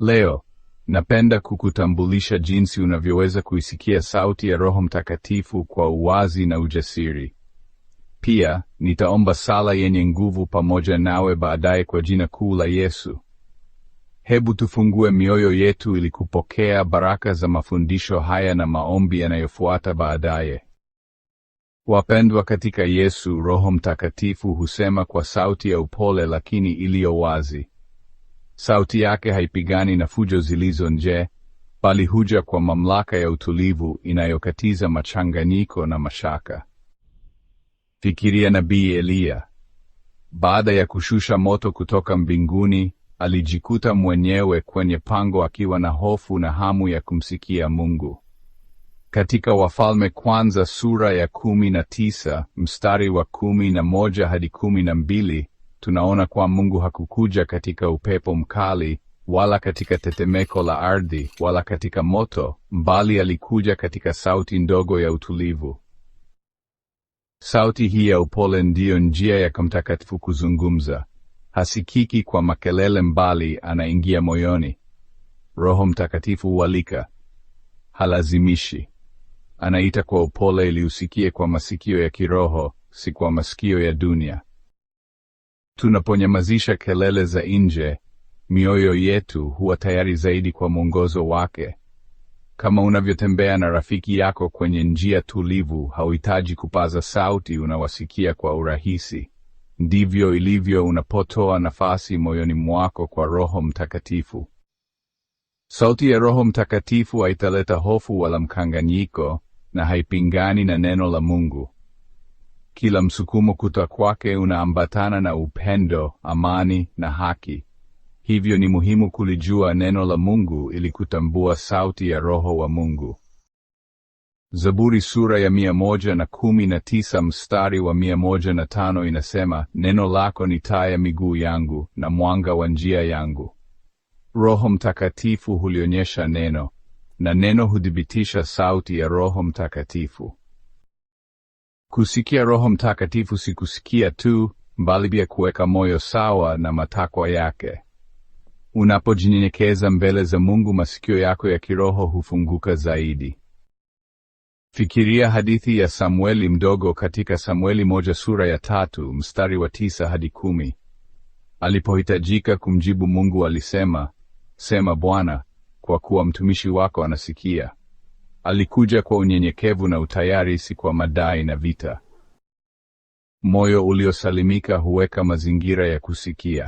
Leo napenda kukutambulisha jinsi unavyoweza kuisikia sauti ya Roho Mtakatifu kwa uwazi na ujasiri. Pia nitaomba sala yenye nguvu pamoja nawe baadaye kwa jina kuu la Yesu. Hebu tufungue mioyo yetu ili kupokea baraka za mafundisho haya na maombi yanayofuata baadaye. Wapendwa katika Yesu, Roho Mtakatifu husema kwa sauti ya upole lakini iliyo wazi. Sauti yake haipigani na fujo zilizo nje, bali huja kwa mamlaka ya utulivu inayokatiza machanganyiko na mashaka. Fikiria nabii Eliya. Baada ya kushusha moto kutoka mbinguni, alijikuta mwenyewe kwenye pango akiwa na hofu na hamu ya kumsikia Mungu. Katika Wafalme kwanza sura ya kumi na tisa mstari wa kumi na moja hadi kumi na mbili tunaona kwa Mungu hakukuja katika upepo mkali wala katika tetemeko la ardhi wala katika moto, mbali alikuja katika sauti ndogo ya utulivu. Sauti hii ya upole ndiyo njia ya Mtakatifu kuzungumza. Hasikiki kwa makelele, mbali anaingia moyoni. Roho Mtakatifu hualika, halazimishi. Anaita kwa upole ili usikie kwa masikio ya kiroho, si kwa masikio ya dunia. Tunaponyamazisha kelele za nje, mioyo yetu huwa tayari zaidi kwa mwongozo wake. Kama unavyotembea na rafiki yako kwenye njia tulivu, hauhitaji kupaza sauti, unawasikia kwa urahisi. Ndivyo ilivyo unapotoa nafasi moyoni mwako kwa Roho Mtakatifu. Sauti ya Roho Mtakatifu haitaleta hofu wala mkanganyiko, na haipingani na neno la Mungu. Kila msukumo kuta kwake unaambatana na upendo, amani na haki. Hivyo ni muhimu kulijua neno la Mungu ili kutambua sauti ya Roho wa Mungu. Zaburi sura ya mia moja na kumi na tisa mstari wa mia moja na tano inasema, neno lako ni taa ya miguu yangu na mwanga wa njia yangu. Roho Mtakatifu hulionyesha neno na neno hudhibitisha sauti ya Roho Mtakatifu. Kusikia Roho Mtakatifu si kusikia tu, bali pia kuweka moyo sawa na matakwa yake. Unapojinyenyekeza mbele za Mungu, masikio yako ya kiroho hufunguka zaidi. Fikiria hadithi ya Samueli mdogo katika Samueli moja sura ya tatu mstari wa tisa hadi kumi. Alipohitajika kumjibu Mungu alisema, sema Bwana, kwa kuwa mtumishi wako anasikia. Alikuja kwa unyenyekevu na utayari, si kwa madai na vita. Moyo uliosalimika huweka mazingira ya kusikia.